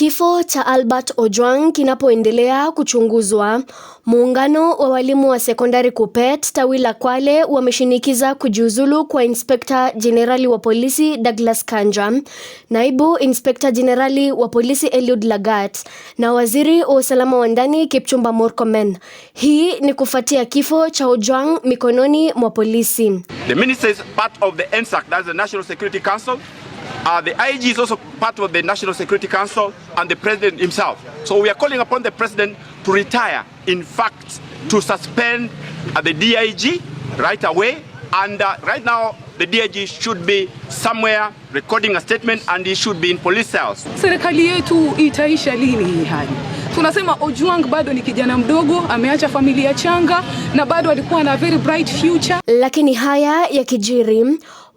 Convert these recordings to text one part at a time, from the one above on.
Kifo cha Albert Ojwang kinapoendelea kuchunguzwa, muungano wa walimu wa sekondari KUPPET tawi la Kwale wameshinikiza kujiuzulu kwa inspekta jenerali wa polisi Douglas Kanja, naibu inspekta jenerali wa polisi Eliud Lagat na waziri wa usalama wa ndani Kipchumba Murkomen. Hii ni kufuatia kifo cha Ojwang mikononi mwa polisi. The minister is part of the NSAC, that's the National Security Council. Uh, the IG is also part of the National Security Council and the president himself. So we are calling upon the president to retire, in fact, to suspend uh, the DIG right away. And uh, right now, the DIG should be somewhere recording a statement and he should be in police cells. Serikali yetu itaisha lini hii hali? Tunasema Ojuang bado ni kijana mdogo, ameacha familia changa na bado alikuwa na very bright future. Lakini haya yakijiri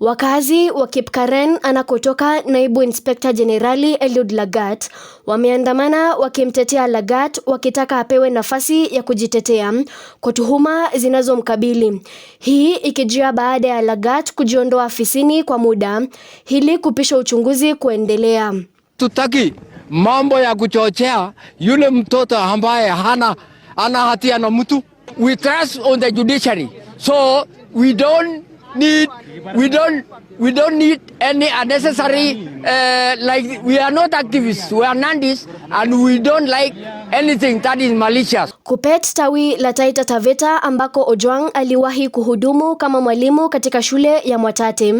Wakazi wa Kipkaren anakotoka naibu inspekta jenerali Eliud Lagat wameandamana wakimtetea Lagat, wakitaka apewe nafasi ya kujitetea kwa tuhuma zinazomkabili, hii ikijia baada ya Lagat kujiondoa afisini kwa muda ili kupisha uchunguzi kuendelea. Tutaki mambo ya kuchochea yule mtoto ambaye hana ana hatia na mtu. We trust on the judiciary so we don't need we don't we don't need any unnecessary uh, like we are not activists we are nandis and we don't like anything that is malicious. Kupet tawi la Taita Taveta ambako Ojwang aliwahi kuhudumu kama mwalimu katika shule ya Mwatate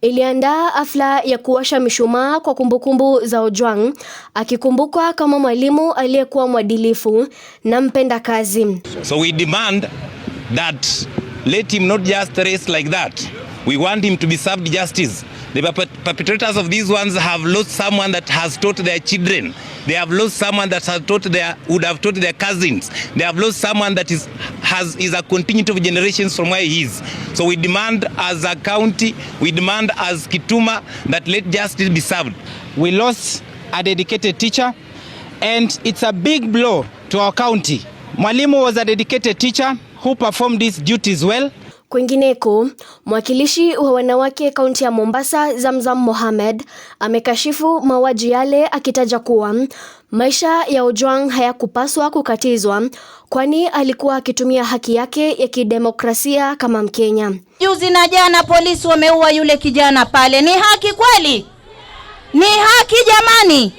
iliandaa afla ya kuwasha mishumaa kwa kumbukumbu -kumbu za Ojwang akikumbukwa kama mwalimu aliyekuwa mwadilifu na mpenda kazi. So we demand that Let him not just race like that. We want him to be served justice. The perpetrators of these ones have lost someone that has taught their children. They have lost someone that has taught their, would have taught their cousins. They have lost someone that is, has, is a continuity of generations from where he is. So we demand as a county, we demand as Kituma that let justice be served. We lost a dedicated teacher and it's a big blow to our county. Mwalimu was a dedicated teacher who perform these duties well. Kwingineko, mwakilishi wa wanawake kaunti ya Mombasa Zamzam Mohamed amekashifu mauaji yale akitaja kuwa maisha ya Ojwang hayakupaswa kukatizwa kwani alikuwa akitumia haki yake ya kidemokrasia kama Mkenya. Juzi na jana polisi wameua yule kijana pale. Ni haki kweli? Ni haki jamani?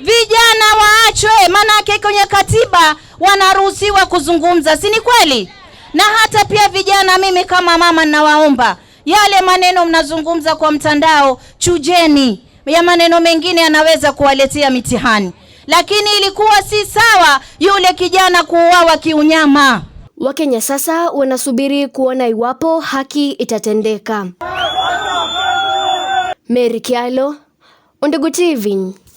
Vijana waachwe, maanake kwenye katiba wanaruhusiwa kuzungumza, si ni kweli? Na hata pia vijana, mimi kama mama ninawaomba yale maneno mnazungumza kwa mtandao, chujeni ya maneno mengine yanaweza kuwaletea mitihani, lakini ilikuwa si sawa yule kijana kuuawa kiunyama. Wakenya sasa wanasubiri kuona iwapo haki itatendeka. Mary Kialo, Undugu TV.